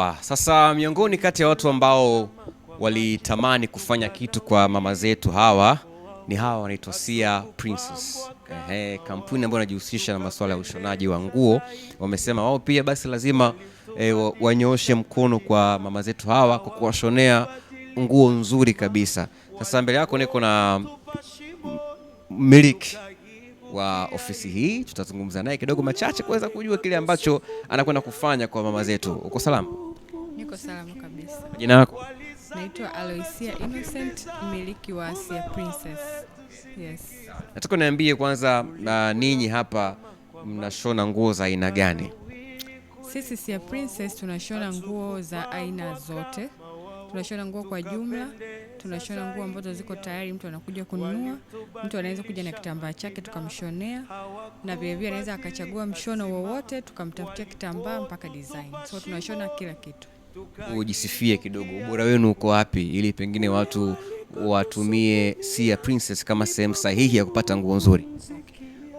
Ah, sasa miongoni kati ya watu ambao walitamani kufanya kitu kwa mama zetu hawa ni hawa wanaitwa Sia Princess. Ehe, kampuni ambayo inajihusisha na masuala ya ushonaji wa nguo wamesema wao pia basi lazima e, wanyooshe mkono kwa mama zetu hawa kwa kuwashonea nguo nzuri kabisa. Sasa mbele yako niko na miliki wa ofisi hii, tutazungumza naye kidogo machache kuweza kujua kile ambacho anakwenda kufanya kwa mama zetu. Uko salama? Niko salama kabisa. Jina lako? Naitwa Aloisia Innocent, mmiliki wa Asia Princess. Yes. Nataka niambie kwanza, uh, ninyi hapa mnashona nguo za aina gani? Sisi Asia Princess tunashona nguo za aina zote. Tunashona nguo kwa jumla, tunashona nguo ambazo ziko tayari, mtu anakuja kununua. Mtu anaweza kuja na kitambaa chake tukamshonea, na vilevile anaweza akachagua mshono wowote tukamtafutia kitambaa mpaka design. So tunashona kila kitu ujisifie kidogo, ubora wenu uko wapi, ili pengine watu watumie Sea Princess kama sehemu sahihi ya kupata nguo nzuri.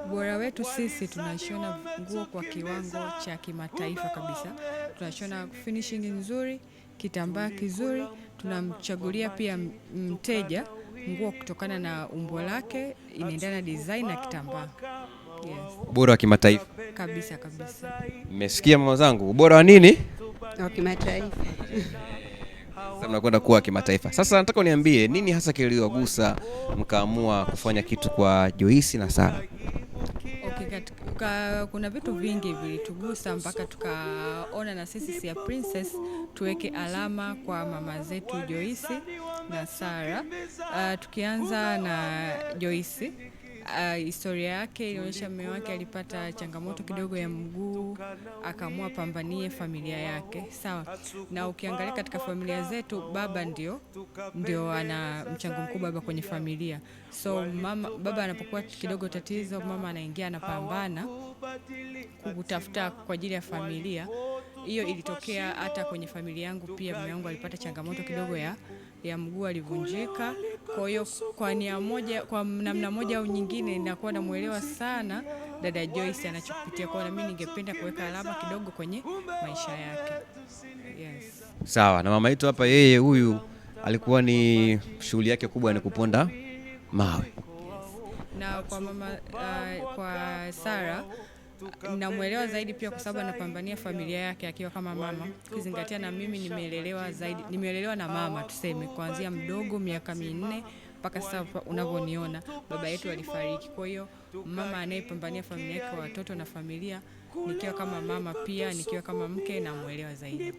Ubora wetu sisi tunashona nguo kwa kiwango cha kimataifa kabisa, tunashona finishing nzuri, kitambaa kizuri, tunamchagulia pia mteja nguo kutokana na umbo lake, inaendana na design na kitambaa. Yes. Ubora wa kimataifa kabisa kabisa. Mmesikia mama zangu, ubora wa nini? wa kimataifa mnakwenda kuwa kimataifa. Sasa nataka uniambie nini hasa kiliwagusa mkaamua kufanya kitu kwa Joyce na Sara? kuna vitu vingi vilitugusa mpaka tukaona na sisi ya Princess tuweke alama kwa mama zetu Joyce na Sara. Uh, ah, tukianza na Joyce Uh, historia yake ilionyesha mume wake alipata changamoto kidogo ya mguu, akaamua pambanie familia yake, sawa. Na ukiangalia katika familia zetu, baba ndio ndio ana mchango mkubwa baba kwenye familia. So mama, baba anapokuwa kidogo tatizo, mama anaingia anapambana kutafuta kwa ajili ya familia. Hiyo ilitokea hata kwenye familia yangu pia, mume wangu alipata changamoto kidogo ya ya mguu, alivunjika kwa hiyo kwa nia moja, kwa namna moja au nyingine, nakuwa namwelewa sana dada Joyce anachopitia, kwa na mimi ningependa kuweka alama kidogo kwenye maisha yake. Yes. Sawa na mama yetu hapa, yeye huyu alikuwa ni shughuli yake kubwa ni kuponda mawe. Yes. Na kwa mama uh, kwa Sara namwelewa zaidi pia kwa sababu anapambania familia yake akiwa kama mama, ukizingatia na mimi nimeelelewa zaidi, nimeelelewa na mama tuseme, kuanzia mdogo miaka minne mpaka sasa unavyoniona, baba yetu alifariki. Kwa hiyo mama anayepambania familia yake, watoto na familia, nikiwa kama mama pia nikiwa kama mke namwelewa zaidi.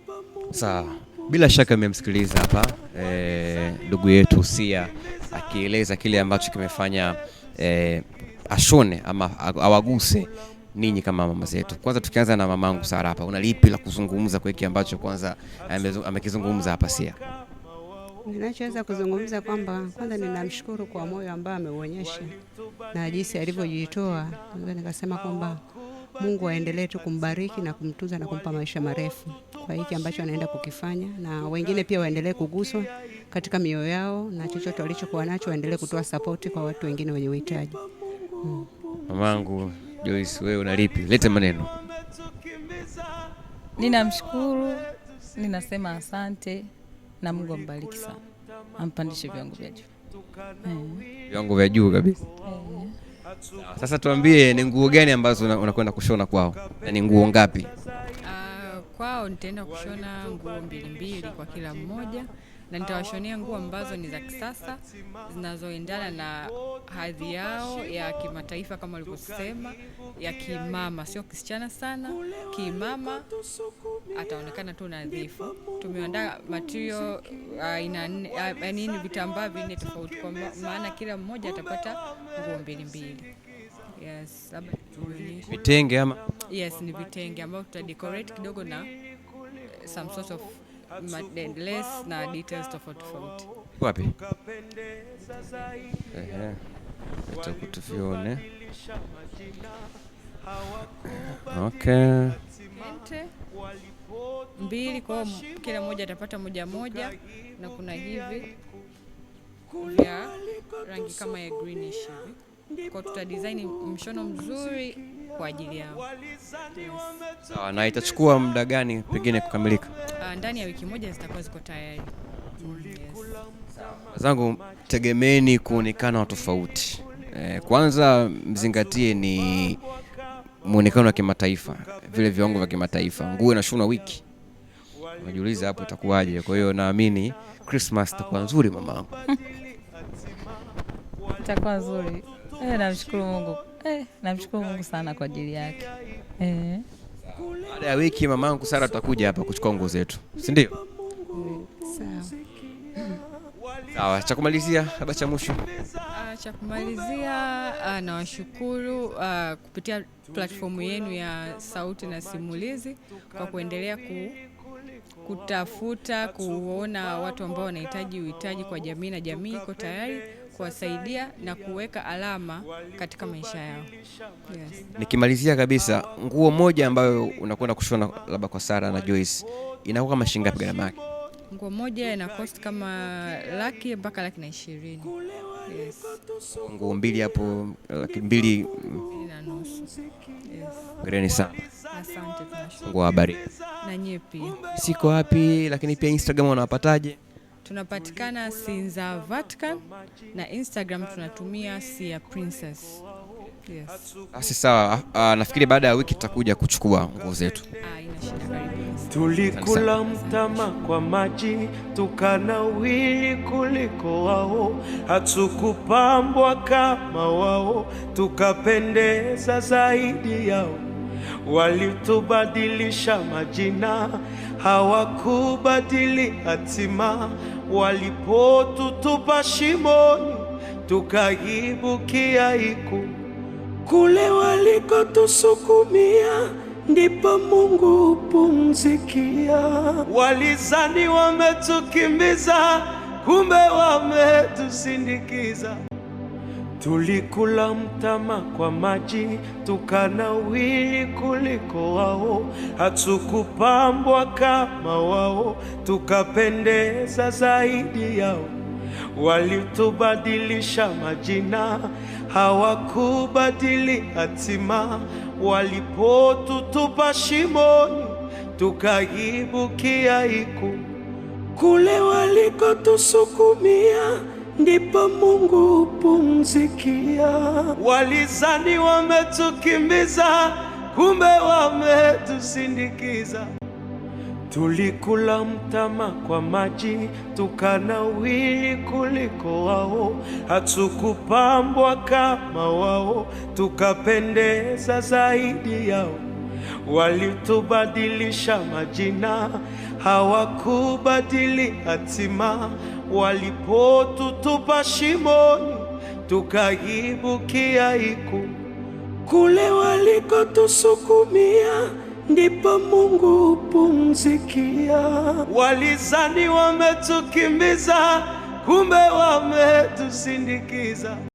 Sawa, bila shaka mmemsikiliza hapa eh, ndugu e, yetu Sia akieleza kile ambacho kimefanya e, ashone ama awaguse ninyi kama mama zetu. Kwanza tukianza na mamangu Sara hapa, una lipi la kuzungumza kwa hiki ambacho kwanza amekizungumza hapa? Sia, ninachoweza kuzungumza kwamba kwanza ninamshukuru kwa moyo ambao ameuonyesha na jinsi alivyojitoa. Nikasema kwamba Mungu aendelee tu kumbariki na kumtunza na kumpa maisha marefu kwa hiki ambacho anaenda kukifanya, na wengine pia waendelee kuguswa katika mioyo yao, na chochote walichokuwa nacho waendelee kutoa sapoti kwa watu wengine wenye uhitaji. Hmm. Mamangu Joyce, wewe lipi? Lete maneno. Ninamshukuru, ninasema asante na Mungu ambariki sana, ampandishe viwango vya juu, eh. viwango vya juu kabisa. Eh. Sasa tuambie, ni nguo gani ambazo unakwenda kushona kwao na ni nguo ngapi? Uh, kwao nitaenda kushona nguo mbili mbili kwa kila mmoja na nitawashonea nguo ambazo ni za kisasa zinazoendana na hadhi yao ya kimataifa, kama walivyosema ya kimama, sio kisichana sana, kimama ataonekana tu nadhifu. Tumeandaa matio uh, aina uh, uh, ni vitambaa vinne tofauti, kwa maana kila mmoja atapata nguo mbili mbili. Yes, vitenge ama yes, ni vitenge ambavyo decorate kidogo na eh, some sort of madeadless na details tofauti tofauti. Wapi? Ehe, tuvione. Okay. Ente mbili kwao, kila mmoja atapata moja moja, na kuna hivi vya rangi kama ya greenish hivi, kwa tuta design mshono mzuri kwa ajili yao. Yes. Na itachukua muda gani pengine kukamilika? Uh, ndani ya wiki moja zitakuwa ziko tayari. yes. Zangu, tegemeeni kuonekana wa tofauti. Eh, kwanza mzingatie ni muonekano wa kimataifa, vile viwango vya kimataifa. Nguo inashonwa wiki Unajiuliza hapo itakuwaje? Kwa hiyo naamini Christmas itakuwa nzuri mamangu. Itakuwa nzuri. Eh, namshukuru Mungu. Eh, namshukuru Mungu sana kwa ajili yake. Eh. Baada ya wiki mamangu Sara tutakuja hapa kuchukua nguo zetu, si ndio? Sawa. Sawa, cha kumalizia labda cha mwisho. Ah, cha kumalizia ah, nawashukuru uh, kupitia platformu yenu ya Sauti na Simulizi kwa kuendelea ku, kutafuta kuona watu ambao wanahitaji uhitaji kwa jamii na jamii iko tayari kuwasaidia na kuweka alama katika maisha yao. Yes. Nikimalizia kabisa, nguo moja ambayo unakwenda kushona labda kwa Sara na Joyce inakuwa kama shilingi ngapi gharama yake? Nguo moja ina cost kama laki mpaka laki na ishirini. Yes. Nguo mbili hapo laki mbili mm. na nusu. Yes. Greni sana. Asante. Nguo habari. Na nyie pia. Siko wapi, lakini pia Instagram wanawapataje? Tunapatikana Sinza Vatican na Instagram tunatumia Sia Princess. Yes. Asi sawa, ah, nafikiri baada ya wiki tutakuja kuchukua nguo zetu. Ah, Tulikula mtama kwa maji, tukanawili kuliko wao, hatukupambwa kama wao, tukapendeza zaidi yao. Walitubadilisha majina, hawakubadili hatima walipotutupa shimoni, tukaibukia iku kule walikotusukumia ndipo Mungu upumzikia. Walizani wametukimbiza, kumbe wametusindikiza. Tulikula mtama kwa maji, tukanawili kuliko wao, hatukupambwa kama wao, tukapendeza zaidi yao. Walitubadilisha majina, hawakubadili hatima. Walipotutupa shimoni, tukaibukia iku. Kule walikotusukumia ndipo Mungu upumzikia. Walizani wametukimbiza, kumbe wametusindikiza. Tulikula mtama kwa maji, tukanawili kuliko wao. Hatukupambwa kama wao, tukapendeza zaidi yao walitubadilisha majina, hawakubadili hatima. Walipotutupa shimoni, tukaibukia iku. Kule walikotusukumia ndipo Mungu upumzikia. Walizani wametukimbiza, kumbe wametusindikiza.